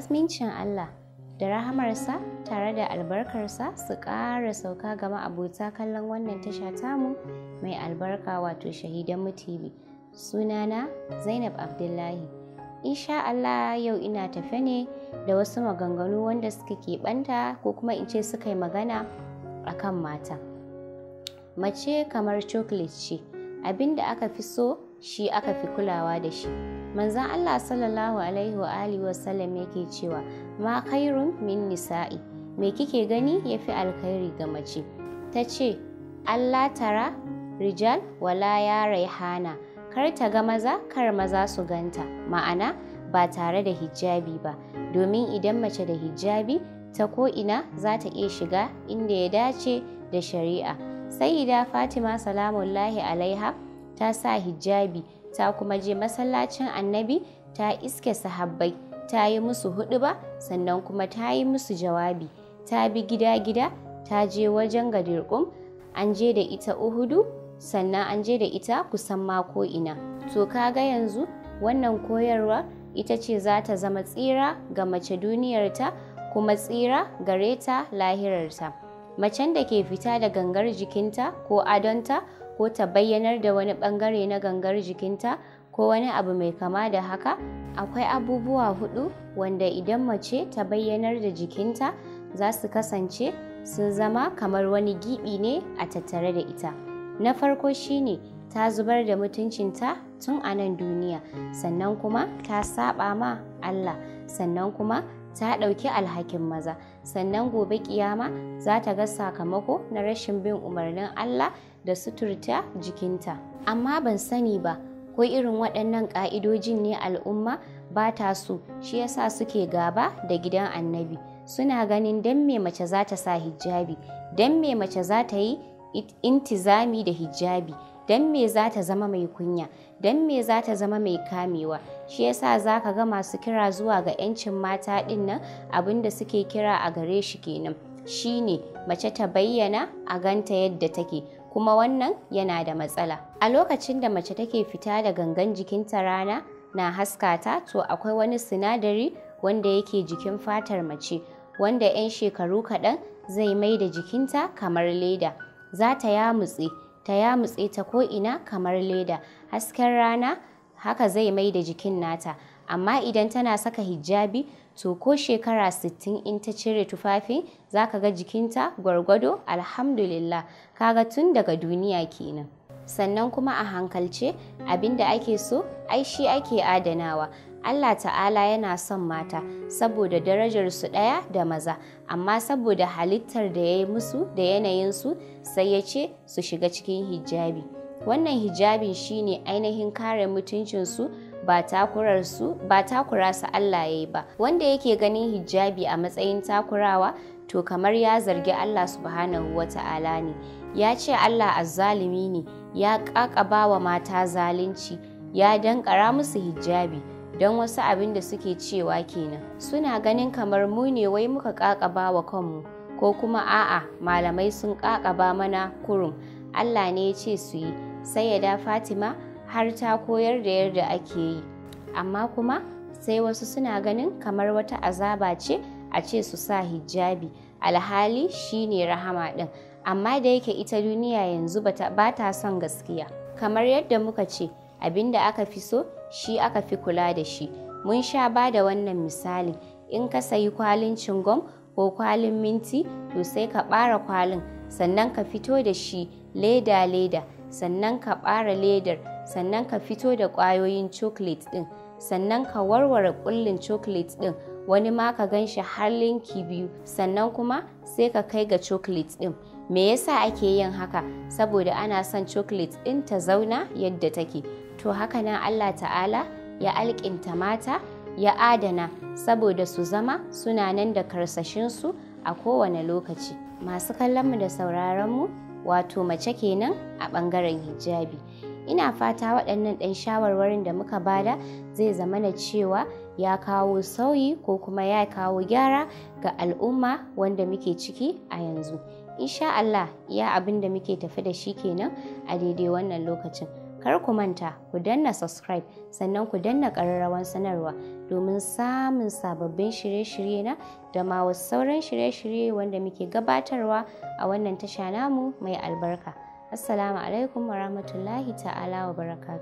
Asmincin Allah da rahamarsa tare da albarkarsa su ƙara sauka ga abota kallon wannan tasha tamu mai albarka wato shahidan mutibi Sunana Zainab Abdullahi. Insha Allah yau ina tafe ne da wasu maganganu wanda suka keɓanta ko kuma in ce suka yi magana a kan mata. Mace kamar chocolate ce, abin da aka fi so shi aka fi kulawa da shi. manzan Allah sallallahu alaihi wa alihi wasallam yake cewa ma khairun min nisa'i me kike gani ya fi alkhairi ga mace ta ce Allah tara rijal wala ya raihana kar ta ga maza kar maza su ganta ma'ana ba tare da hijabi ba domin idan mace da hijabi ta ko'ina za ta iya shiga inda ya dace da shari'a sai ida fatima salamullahi alaiha ta sa hijabi ta kuma je masallacin annabi ta iske sahabbai ta yi musu ba sannan kuma ta yi musu jawabi ta bi gida-gida ta je wajen gadirƙum. an je da ita uhudu sannan an je da ita kusan mako ina to kaga yanzu wannan koyarwa ita ce za ta zama tsira ga mace duniyarta kuma tsira gare ta lahirarta macen da ke fita da gangar jikinta ko adonta ko ta bayyanar da wani ɓangare na gangar jikinta ko wani abu mai kama da haka akwai abubuwa hudu wanda idan mace ta bayyanar da jikinta za su kasance sun zama kamar wani gibi ne a tattare da ita na farko shine ta zubar da mutuncinta tun a nan duniya sannan kuma ta saba ma Allah sannan kuma ta ɗauki alhakin maza sannan gobe kiyama za ta ga sakamako na rashin bin umarnin Allah da suturta jikinta amma ban sani ba ko irin waɗannan ƙa'idojin ne al'umma ba ta so shi yasa suke gaba da gidan annabi suna ganin dan me mace za ta sa hijabi dan me mace za ta yi intizami da hijabi dan me za ta zama mai kunya dan me za ta zama mai kamewa shi yasa za ka ga masu kira zuwa ga 'yancin mata ɗin nan da suke kira a gare shi kenan shine mace ta bayyana a ganta yadda take kuma wannan yana da matsala. A lokacin da mace take fita da gangan jikinta rana na haskata to akwai wani sinadari wanda yake jikin fatar mace wanda 'yan shekaru kaɗan zai mai da jikinta kamar leda. Za ta yamutse, ta yamutse ta ko'ina kamar leda. Hasken rana haka zai mai da jikin nata. Amma idan tana saka hijabi to ko shekara 60 in ta cire tufafi za ka ga jikinta gwargwado alhamdulillah kaga tun daga duniya kenan sannan kuma a hankalce abinda ake so ai shi ake adanawa Allah ta'ala yana son mata saboda darajar su ɗaya da maza amma saboda halittar da ya yi musu da yanayinsu sai ya ce su shiga cikin hijabi wannan hijabin shine ainihin kare mutuncinsu ba takura su Allah ya yi ba wanda yake ganin hijabi a matsayin takurawa to kamar ya zargi Allah subhanahu wa ta'ala ne ya ce Allah azzalimi ne ya kakaba wa mata zalunci ya danƙara musu hijabi don wasu abin da suke cewa kenan suna ganin kamar mu ne wai muka ƙaƙaba wa kanmu ko kuma a'a malamai sun ƙaƙaba mana kurum Allah ne ya ce su yi sai Fatima har ta koyar da yadda ake yi amma kuma sai wasu suna ganin kamar wata azaba ce a ce su sa hijabi alhali shine rahama ɗin amma da yake ita duniya yanzu ba ta son gaskiya kamar yadda muka ce abin da aka fi so shi aka fi kula da shi mun sha ba da wannan misali in ka sayi kwalin cingom ko kwalin minti to sai ka ɓara kwalin sannan ka fito da shi leda-leda sannan ka ɓara ledar sannan ka fito da ƙwayoyin chocolate ɗin sannan ka warware ƙullin chocolate ɗin wani ma ka gan shi har linki biyu sannan kuma sai ka kai ga chocolate ɗin me yasa ake yin haka saboda ana son chocolate ɗin ta zauna yadda take to haka nan allah ta'ala ya alƙinta mata ya adana saboda su zama suna nan da karsashinsu a kowane lokaci masu kallonmu da sauraron mu, wato mace kenan a ɓangaren hijabi ina fata waɗannan ɗan shawarwarin da muka bada zai zama na cewa ya kawo sauyi ko kuma ya kawo gyara ga al'umma wanda muke ciki a yanzu insha Allah ya abin da muke tafi da shi kenan a daidai wannan lokacin kar ku manta ku danna subscribe sannan ku danna ƙararrawan sanarwa domin samun sababbin shirye-shirye na da ma wasu sauran shirye-shirye wanda muke gabatarwa a wannan tasha namu mai albarka. Assalamu alaikum wa rahmatullahi ta'ala wa barakatuh.